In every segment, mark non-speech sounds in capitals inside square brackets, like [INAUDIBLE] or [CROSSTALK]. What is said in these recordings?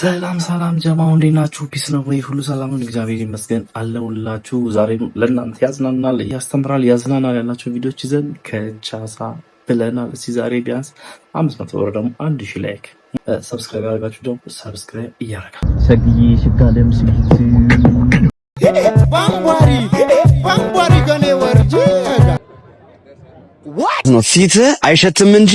ሰላም ሰላም ጀማው እንዴት ናችሁ? ፒስ ነው ወይ? ሁሉ ሰላም እግዚአብሔር ይመስገን አለሁላችሁ። ዛሬም ለእናንተ ያዝናናል፣ ያስተምራል፣ ያዝናናል ያላቸው ቪዲዮዎች ይዘን ከቻሳ ብለናል። እስኪ ዛሬ ቢያንስ አምስት መቶ ብር ደግሞ አንድ ሺ ላይክ ሰብስክራይብ ያደርጋችሁ ደግሞ ሰብስክራይብ እያደረጋል ሰግዬ ሽጋለም ባንቧሪ ባንቧሪ ገኔ ወርጅ ነው ፊትህ አይሸትም እንጂ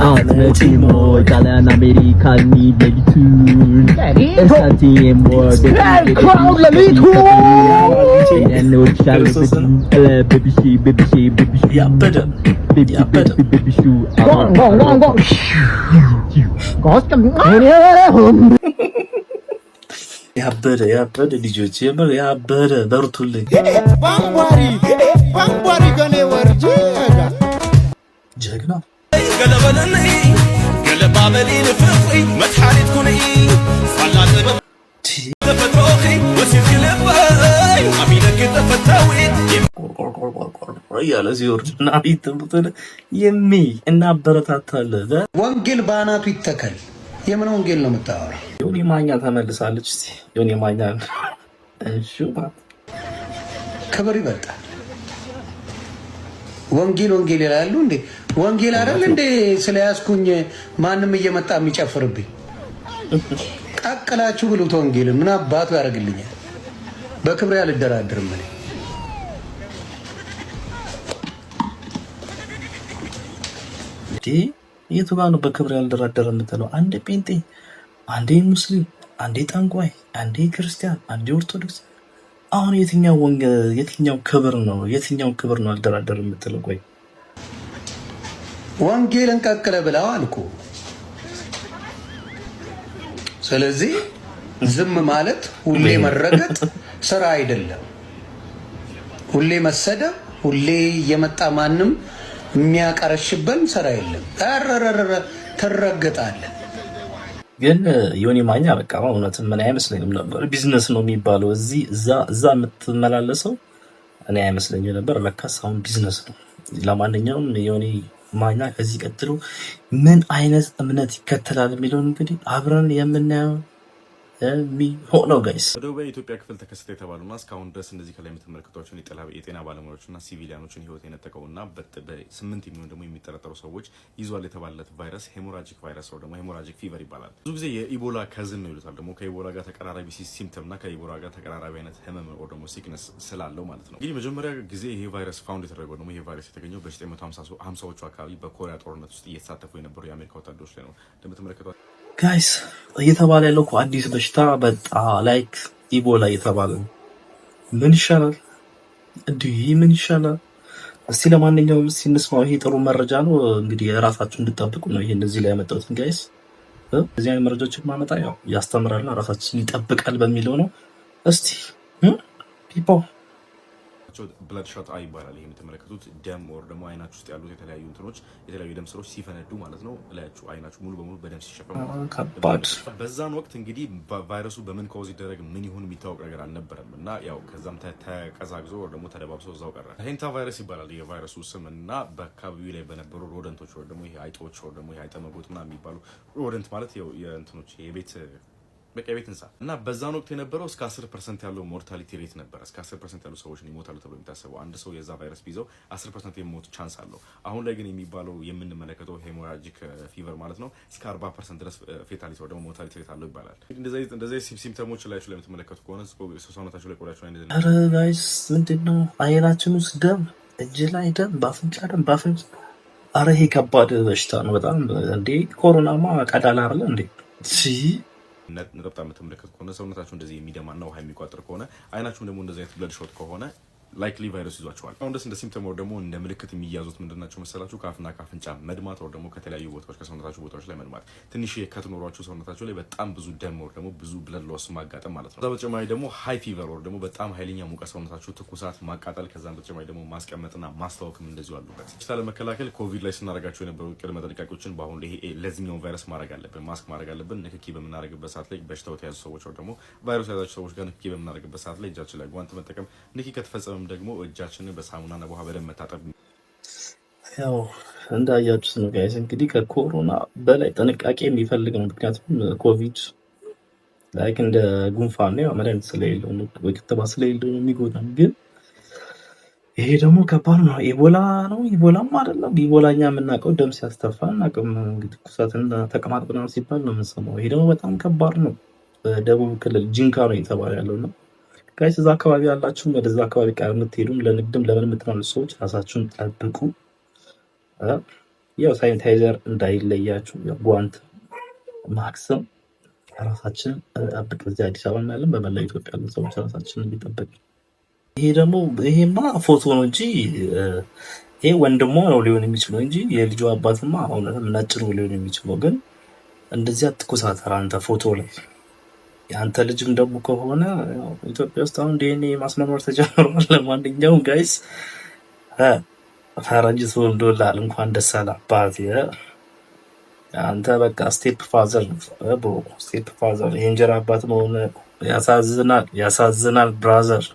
Anlatayım şey o kalan Amerikan lideri tüm Esantiğim vardı Her crowd'la me too Gelen uçlar bebişi baby bebişi Yapmadım Yapmadım Gong gong gong gong Kostum Yapmadı yapmadı diyeceğiz yapmadı yapmadı Darutulli Bambari Bambari gane var Cagna ገለበለኒ እያለ ሲወርድ እና ይትምትን የሚል እናበረታታለን። ወንጌል በአናቱ ይተከል። የምን ወንጌል ነው የምታወራ? ዮኒ ማኛ ተመልሳለች። ዮኒ ማኛ ክብር ይበልጣል። ወንጌል ወንጌል ይላሉ እንዴ? ወንጌል አይደል እንዴ? ስለያዝኩኝ ማንም እየመጣ የሚጨፍርብኝ ቀቅላችሁ ብሉት። ወንጌል ምን አባቱ ያደርግልኛል? በክብሬ አልደራድርም እኔ የቱ ነው በክብር ያልደራደረ የምትለው? አንዴ ጴንጤ፣ አንዴ ሙስሊም፣ አንዴ ጠንቋይ፣ አንዴ ክርስቲያን፣ አንዴ ኦርቶዶክስ። አሁን የትኛው ክብር ነው የትኛው ክብር ነው አልደራደር የምትለው? ቆይ ወንጌልን ቀቅለ ብለው አልኩ። ስለዚህ ዝም ማለት ሁሌ መረገጥ ስራ አይደለም፣ ሁሌ መሰደብ፣ ሁሌ የመጣ ማንም የሚያቀረሽበን ስራ የለም። ረረረረ ትረግጣለህ። ግን ዮኒ ማኛ በቃ እውነትም ምን አይመስለኝም ነበር። ቢዝነስ ነው የሚባለው እዚህ እዛ የምትመላለሰው እኔ አይመስለኝም ነበር። ለካስ አሁን ቢዝነስ ነው። ለማንኛውም ዮኒ ማኛ ከዚህ ቀጥሎ ምን አይነት እምነት ይከተላል የሚለውን እንግዲህ አብረን የምናየው የሚሆነው ጋይስ በደቡብ የኢትዮጵያ ክፍል ተከሰተ የተባሉና እስካሁን ድረስ እንደዚህ ከላይ የምትመለከቷቸውን የጤና ባለሙያዎችና ሲቪሊያኖችን ህይወት የነጠቀውና በስምንት የሚሆኑ ደግሞ የሚጠረጠሩ ሰዎች ይዟል የተባለለት ቫይረስ ሄሞራጂክ ቫይረስ ነው፣ ደግሞ ሄሞራጂክ ፊቨር ይባላል። ብዙ ጊዜ የኢቦላ ከዝን ነው ይሉታል። ደግሞ ከኢቦላ ጋር ተቀራራቢ ሲምፕተምና ከኢቦላ ጋር ተቀራራቢ አይነት ህመም ወር ደግሞ ሲክነስ ስላለው ማለት ነው። እንግዲህ መጀመሪያ ጊዜ ይሄ ቫይረስ ፋውንድ የተደረገው ደግሞ ይሄ ቫይረስ የተገኘው በ950ዎቹ አካባቢ በኮሪያ ጦርነት ውስጥ እየተሳተፉ የነበሩ የአሜሪካ ወታደሮች ላይ ነው እንደምትመለከቷቸው ጋይስ እየተባለ ያለው እኮ አዲስ በሽታ በጣ ላይክ ኢቦላ እየተባለ ነው። ምን ይሻላል? እንዲህ ምን ይሻላል? እስቲ ለማንኛውም እስቲ እንስማው። ይሄ ጥሩ መረጃ ነው። እንግዲህ ራሳችሁ እንድጠብቁ ነው ይሄን እዚህ ላይ ያመጣሁትን ጋይስ። እዚህ አይነት መረጃዎችን ማመጣ ያው ያስተምራልና ራሳችን ይጠብቃል በሚለው ነው። እስቲ ፒፖ ስናያቸው ብለድ አይ ይባላል። ይህ የምትመለከቱት ደም ወር ደግሞ አይናችሁ ውስጥ ያሉት የተለያዩ እንትኖች የተለያዩ ደም ስሮች ሲፈነዱ ማለት ነው እላያችሁ አይናችሁ ሙሉ በሙሉ በደም ሲሸፈኑ ከባድ። በዛን ወቅት እንግዲህ ቫይረሱ በምን ከውዝ ይደረግ ምን ይሁን የሚታወቅ ነገር አልነበረም እና ያው ከዛም ተቀዛግዞ ወር ደግሞ ተደባብሶ እዛው ቀረ። ሄንታ ቫይረስ ይባላል የቫይረሱ ስም እና በአካባቢው ላይ በነበሩ ሮደንቶች ወር ደግሞ ይሄ አይጦች ወር ደግሞ ይሄ አይጠመጎት ምናምን የሚባሉ ሮደንት ማለት የእንትኖች የቤት በቃ የቤት እንስሳ እና በዛን ወቅት የነበረው እስከ 10 ፐርሰንት ያለው ሞርታሊቲ ሬት ነበረ። እስከ 10 ፐርሰንት ያሉ ሰዎች ይሞታሉ ተብሎ የሚታሰበው አንድ ሰው የዛ ቫይረስ ቢይዘው 10 ፐርሰንት የሞቱ ቻንስ አለው። አሁን ላይ ግን የሚባለው የምንመለከተው ሄሞራጂክ ፊቨር ማለት ነው እስከ 40 ፐርሰንት ድረስ ፌታሊቲ ወይ ሞርታሊቲ ሬት አለው ይባላል። እንደዚህ ሲምፕተሞች ላይ የምትመለከቱ ከሆነ ሰውነታቸው ላይ ቆዳቸው ላይ ኧረ ጋይስ ምንድን ነው አይናችን ውስጥ ደም፣ እጅ ላይ ደም፣ በአፍንጫ ደም፣ በአፍንጫ አረ ይሄ ከባድ በሽታ ነው በጣም እንዴ። ኮሮናማ ቀላል አለ እንዴ? ነጠብጣብ የምትመለከት ከሆነ ሰውነታችሁ እንደዚህ የሚደማና ውሃ የሚቋጥር ከሆነ አይናችሁም ደግሞ እንደዚህ አይነት ብለድ ሾት ከሆነ ላይክሊ ቫይረስ ይዟቸዋል። አሁን ደስ እንደ ሲምፕተም ወር ደግሞ እንደ ምልክት የሚያዙት ምንድን ናቸው መሰላችሁ? ከአፍና ከአፍንጫ መድማት ወር ደግሞ ከተለያዩ ቦታዎች ከሰውነታችሁ ቦታዎች ላይ መድማት፣ ትንሽ ከትኖሯቸው ሰውነታቸው ላይ በጣም ብዙ ደም ወር ደግሞ ብዙ ብለድ ሎስ ማጋጠም ማለት ነው። ከዛ በተጨማሪ ደግሞ ሀይ ፊቨር ወር ደግሞ በጣም ኃይለኛ ሙቀት ሰውነታችሁ፣ ትኩሳት፣ ማቃጠል፣ ከዛም በተጨማሪ ደግሞ ማስቀመጥና ማስታወክም እንደዚሁ አሉበት። በሽታ ለመከላከል ኮቪድ ላይ ስናደርጋቸው የነበሩ ቅድመ ጥንቃቄዎችን በአሁኑ ላይ ለዚህኛውን ቫይረስ ማድረግ አለብን። ማስክ ማድረግ አለብን። ንክኪ በምናደርግበት ሰዓት ላይ በሽታው ተያዙ ሰዎች ወር ደግሞ ቫይረስ የያዛቸው ሰዎች ጋር ንክኪ በምናደርግበት ሰዓት ላይ እጃችን ላይ ጓንት መጠቀም ንክኪ ከተፈጸመ ወይም ደግሞ እጃችንን በሳሙና በውሃ በደንብ መታጠብ። ያው እንዳያችሁት ነው ጋይስ፣ እንግዲህ ከኮሮና በላይ ጥንቃቄ የሚፈልግ ነው። ምክንያቱም ኮቪድ ላይክ እንደ ጉንፋን ነው፣ መድኃኒት ስለሌለው ክትባት ስለሌለው ነው የሚጎዳን። ግን ይሄ ደግሞ ከባድ ነው። ኢቦላ ነው፣ ኢቦላም አይደለም። ኢቦላ እኛ የምናውቀው ደም ሲያስተፋ እናቅም እንግዲህ ኩሳትና ተቀማጥ ምናምን ሲባል ነው የምንሰማው። ይሄ ደግሞ በጣም ከባድ ነው። በደቡብ ክልል ጂንካ ነው የተባለ ያለው ነው ጋይስ እዛ አካባቢ ያላችሁም ወደዛ አካባቢ ቀር የምትሄዱም ለንግድም ለምን የምትሆኑ ሰዎች ራሳችሁን ጠብቁ። ያው ሳኒታይዘር እንዳይለያችሁ፣ ጓንት ማክስም ራሳችን ጠብቅ። በዚህ አዲስ አበባ ያለን በመላ ኢትዮጵያ ያሉ ሰዎች ራሳችን እንዲጠብቅ። ይሄ ደግሞ ይሄማ ፎቶ ነው እንጂ ይሄ ወንድሞ ነው ሊሆን የሚችለው እንጂ የልጁ አባትማ እውነትም ነጭ ነው ሊሆን የሚችለው። ግን እንደዚያ ትኩሳተር አንተ ፎቶ ላይ የአንተ ልጅም ደግሞ ከሆነ ኢትዮጵያ ውስጥ አሁን ዲኤንኤ ማስመርመር ተጀምሯል። [LAUGHS] ለማንኛውም ጋይስ ፈረንጅ ተወልዶልሃል፣ እንኳን ደስ አለህ አባቴ። አንተ በቃ ስቴፕ ፋዘር ብሮ፣ ስቴፕ ፋዘር የእንጀራ አባት መሆን ያሳዝናል፣ ያሳዝናል ብራዘር።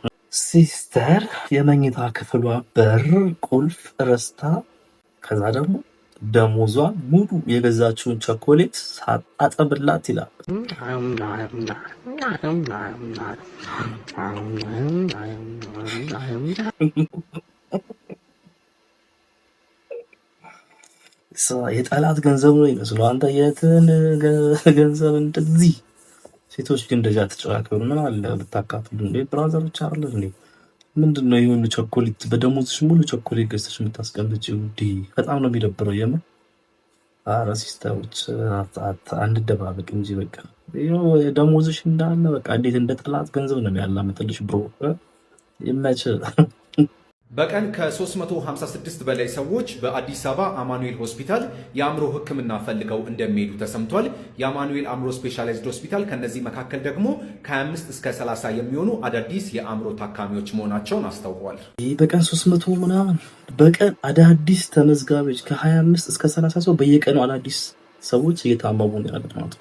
ሲስተር የመኝታ ክፍሏ በር ቁልፍ ረስታ፣ ከዛ ደግሞ ደሞዟን ሙሉ የገዛችውን ቸኮሌት አጠብላት ይላል። የጠላት ገንዘብ ነው ይመስለው አንተ የትን ገንዘብ እንደዚህ ሴቶች ግን ደጃ ተጨራክሩ ምን አለ ብታካፍሉ እንዴ ብራዘሮች አለ እንዴ ምንድን ነው የሆነ ቸኮሌት በደሞዝሽ ሙሉ ቸኮሌት ገዝተሽ የምታስቀምጪው? ዲ በጣም ነው የሚደብረው። የምር አረ ሲስተሮች አንደባበቅ እንጂ በቃ ደሞዝሽ እንዳለ በቃ እንዴት እንደ ጠላት ገንዘብ ነው የሚያላምጥልሽ ብሮ ይመችህ። በቀን ከ356 በላይ ሰዎች በአዲስ አበባ አማኑኤል ሆስፒታል የአእምሮ ሕክምና ፈልገው እንደሚሄዱ ተሰምቷል። የአማኑኤል አእምሮ ስፔሻላይዝድ ሆስፒታል ከነዚህ መካከል ደግሞ ከ25 እስከ 30 የሚሆኑ አዳዲስ የአእምሮ ታካሚዎች መሆናቸውን አስታውቋል። ይህ በቀን 300 ምናምን በቀን አዳዲስ ተመዝጋቢዎች ከ25 እስከ 30 ሰው በየቀኑ አዳዲስ ሰዎች እየታመሙ ነው ያለ ማለት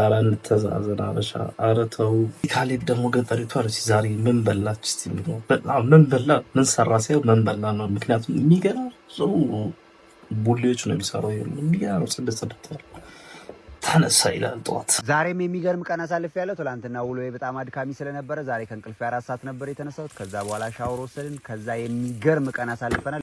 አረ እንተዛዘን አበሻ። አረ ተው። ካሌብ ደግሞ ገጠሪቱ አለች ዛሬ ምን በላች ስ የሚለው በጣም ምን በላ ምን ሰራ ሳይሆን ምን በላ ነው። ምክንያቱም የሚገራርሙ ቡሌዎች ነው የሚሰራው። የሚገራርም ስድስት ስድስት ተነሳ ይላል ጠዋት። ዛሬም የሚገርም ቀን አሳልፍ ያለው ትላንትና ውሎ በጣም አድካሚ ስለነበረ ዛሬ ከእንቅልፍ አራት ሰዓት ነበር የተነሳሁት። ከዛ በኋላ ሻወር ወሰድን። ከዛ የሚገርም ቀን አሳልፈናል።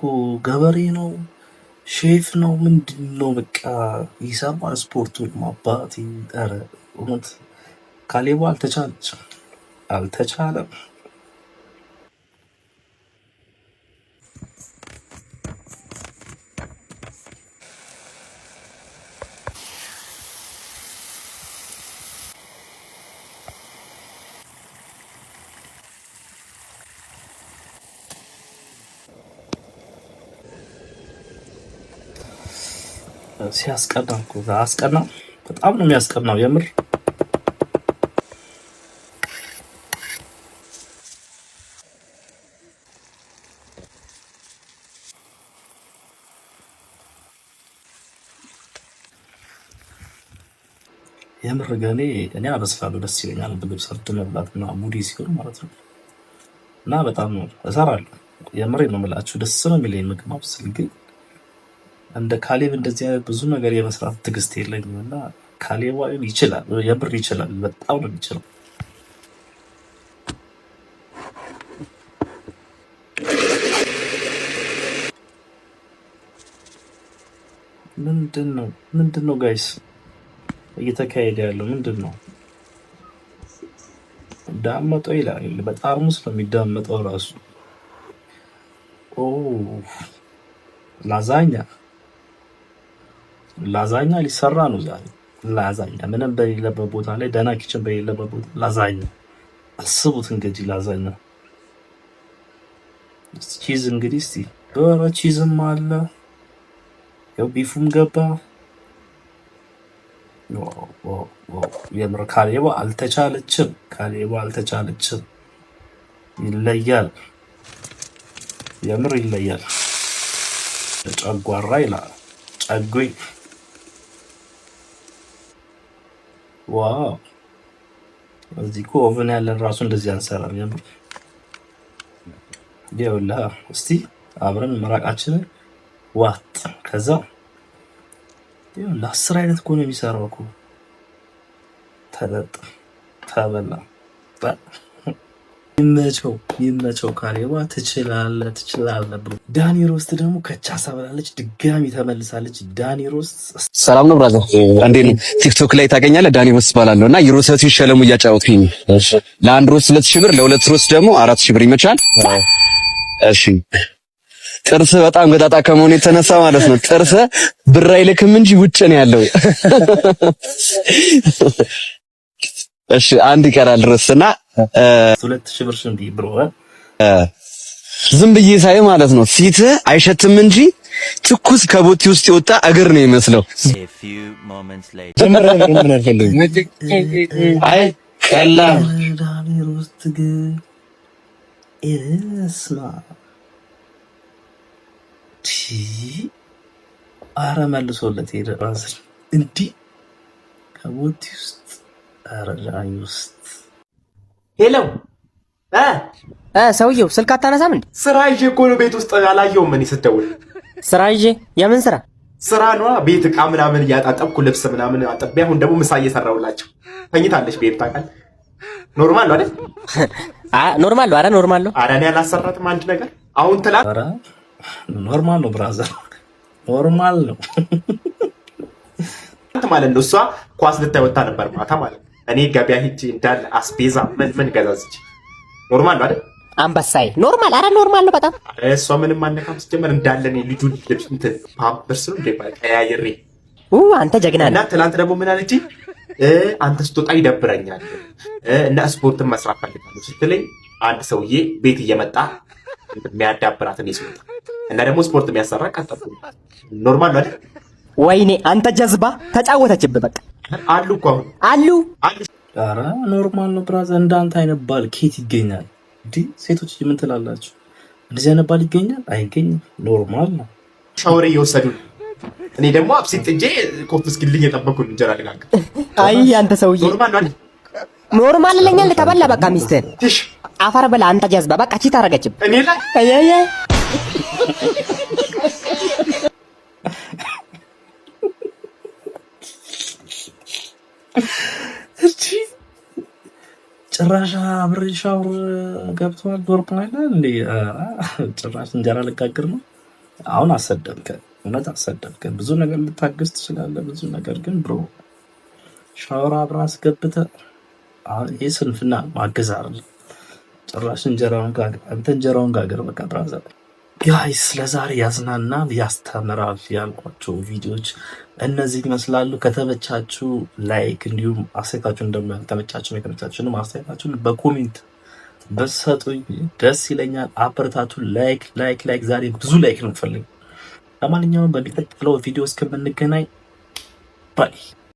ነው ገበሬ ነው ሼፍ ነው ምንድነው በቃ ይሰማል ስፖርቱ አባቴ ጠረ እውነት ካሌብ አልተቻለች አልተቻለም ሲያስቀና አስቀና በጣም ነው የሚያስቀናው የምር የምር ገኔ እኔ አበስላለሁ ደስ ይለኛል። ምግብ ሰርቶ መብላት እና ሙዲ ሲሆን ማለት ነው እና በጣም እሰራለሁ። የምሬ ነው የምላችሁ ደስ ነው የሚለኝ ምግብ ማብሰል ግን እንደ ካሌብ እንደዚህ አይነት ብዙ ነገር የመስራት ትዕግስት የለኝም እና ካሌብ ይችላል፣ የምር ይችላል። በጣም ነው የሚችለው። ምንድን ነው ምንድን ነው ጋይስ እየተካሄደ ያለው ምንድን ነው? ዳመጠው ይላል። በጣም ነው የሚዳመጠው ራሱ ላዛኛ ላዛኛ ሊሰራ ነው ዛሬ። ላዛኛ ምንም በሌለበት ቦታ ላይ ደህና ኪችን በሌለበት ቦታ ላዛኛ። አስቡት እንግዲህ ላዛኛ ቺዝ እንግዲህ እስቲ በረ ቺዝም አለ ያው ቢፉም ገባ። የምር ካሌባ አልተቻለችም፣ ካሌባ አልተቻለችም። ይለያል፣ የምር ይለያል። ጨጓራ ይላል ጨጉኝ ዋው እዚህ እኮ ኦቨን ያለን ራሱ እንደዚህ አንሰራም። የምር ይኸውልህ፣ እስቲ አብረን ምራቃችንን ዋጥ። ከዛ ይኸውልህ አስር አይነት እኮ ነው የሚሰራው እኮ ተበላ ይመቸው ይመቸው ካሌባ ትችላለ ትችላለ ብሎ ዳኒ ሮስት ደግሞ ከቻሳ ብላለች፣ ድጋሚ ተመልሳለች። ዳኒ ሮስት ሰላም ነው ብራዘር፣ እንዴ ነው? ቲክቶክ ላይ ታገኛለህ። ዳኒ ሮስት እባላለሁ እና የሮሰቱን ሸለሙ እያጫወትኩኝ ለአንድ ሮስ ሁለት ሺህ ብር ለሁለት ሮስ ደግሞ አራት ሺህ ብር ይመቻል። እሺ ጥርስ በጣም ገጣጣ ከመሆኑ የተነሳ ማለት ነው ጥርስ ብር አይልክም እንጂ ውጭ ነው ያለው። [LAUGHS] እሺ አንድ ይቀራል ሮስና ሁለት ሺህ ብር ብሮ ዝም ብዬ ሳይ ማለት ነው ፊት አይሸትም እንጂ ትኩስ ከቦቲ ውስጥ የወጣ እግር ነው ይመስለው። አረ መልሶለት ሄደ። እንዲህ ከቦቲ ውስጥ አረ ውስጥ ሄሎ ሰውየው ስልክ አታነሳም እንዴ? ስራ ይዤ እኮ ነው ቤት ውስጥ አላየሁም። እኔ ስትደውል ስራ ይዤ የምን ስራ? ስራ ነዋ። ቤት እቃ ምናምን እያጣጠብኩ ልብስ ምናምን አጥቤ፣ አሁን ደግሞ ምሳ እየሰራሁላቸው። ተኝታለች ቤት ታውቃለህ። ኖርማል ነው አይደል? ኖርማል ነው። ኧረ ኖርማል ነው። ኧረ እኔ አላሰራትም አንድ ነገር። አሁን ትላት ኖርማል ነው ብራዘር፣ ኖርማል ነው ማለት ነው። እሷ ኳስ ልታይ ወጣ ነበር ማታ ማለት ነው እኔ ገበያ ሂጅ እንዳለ አስቤዛ ምን ምን ገዛዝች ኖርማል አይደል? አንበሳይ ኖርማል፣ አረ ኖርማል ነው በጣም እሷ ምንም አነካም ስጀመር እንዳለ እኔ ልጁ ልብስ እንትን ፓምፐርስ ነው እንደ ቀያይሬ አንተ ጀግና እና ትናንት ደግሞ ምን አለች? አንተ ስትወጣ ይደብረኛል እና ስፖርትን መስራት ፈልጋለሁ ስትለኝ አንድ ሰውዬ ቤት እየመጣ የሚያዳብራት የሚያዳብራትን ስወጣ እና ደግሞ ስፖርት የሚያሰራ ቀጠ ኖርማል ነው አይደል? ወይኔ አንተ ጀዝባ ተጫወተችብህ በቃ አሉ እኮ አሉ ኧረ ኖርማል ነው ብራዝ። እንዳንተ አይነት ባል ኬት ይገኛል? እንዲህ ሴቶች ምን ትላላችሁ? እንደዚህ አይነት ባል ይገኛል? አይገኝም። ኖርማል ነው። ሻወር እየወሰዱ እኔ ደግሞ አብሲት ጥጄ ኮፍ እስኪልኝ የጠበኩን እንጀራ ልጋግ። አይ አንተ ሰውዬ ኖርማል ለኛ ለተበላ በቃ ሚስትህን አፈር በላ አንተ ጀዝባ በቃ ቺት አረገችም እኔ ላይ እቺ ጭራሽ አብሬ ሻውር ገብተዋል ዶርም ላይ ና ጭራሽ እንጀራ ልጋግር ነው አሁን አሰደብከ እውነት አሰደብከ ብዙ ነገር ልታገዝ ትችላለ ብዙ ነገር ግን ብሮ ሻወር አብረ አስገብተ ይህ ስንፍና ማገዝ አለ ጭራሽ እንጀራውን ጋግር አንተ እንጀራውን ጋግር በቃ ብራዘር ጋይስ ለዛሬ ያዝናና ያስተምራል ያልኳቸው ቪዲዮዎች እነዚህ ይመስላሉ። ከተመቻችሁ ላይክ፣ እንዲሁም አስተያየታችሁን ደግሞ ያልተመቻችሁ የተመቻችሁንም አስተያየታችሁን በኮሜንት በሰጡኝ ደስ ይለኛል። አበረታቱ። ላይክ ላይክ ላይክ። ዛሬ ብዙ ላይክ ነው ፈልግ። ለማንኛውም በሚቀጥለው ቪዲዮ እስከምንገናኝ ባይ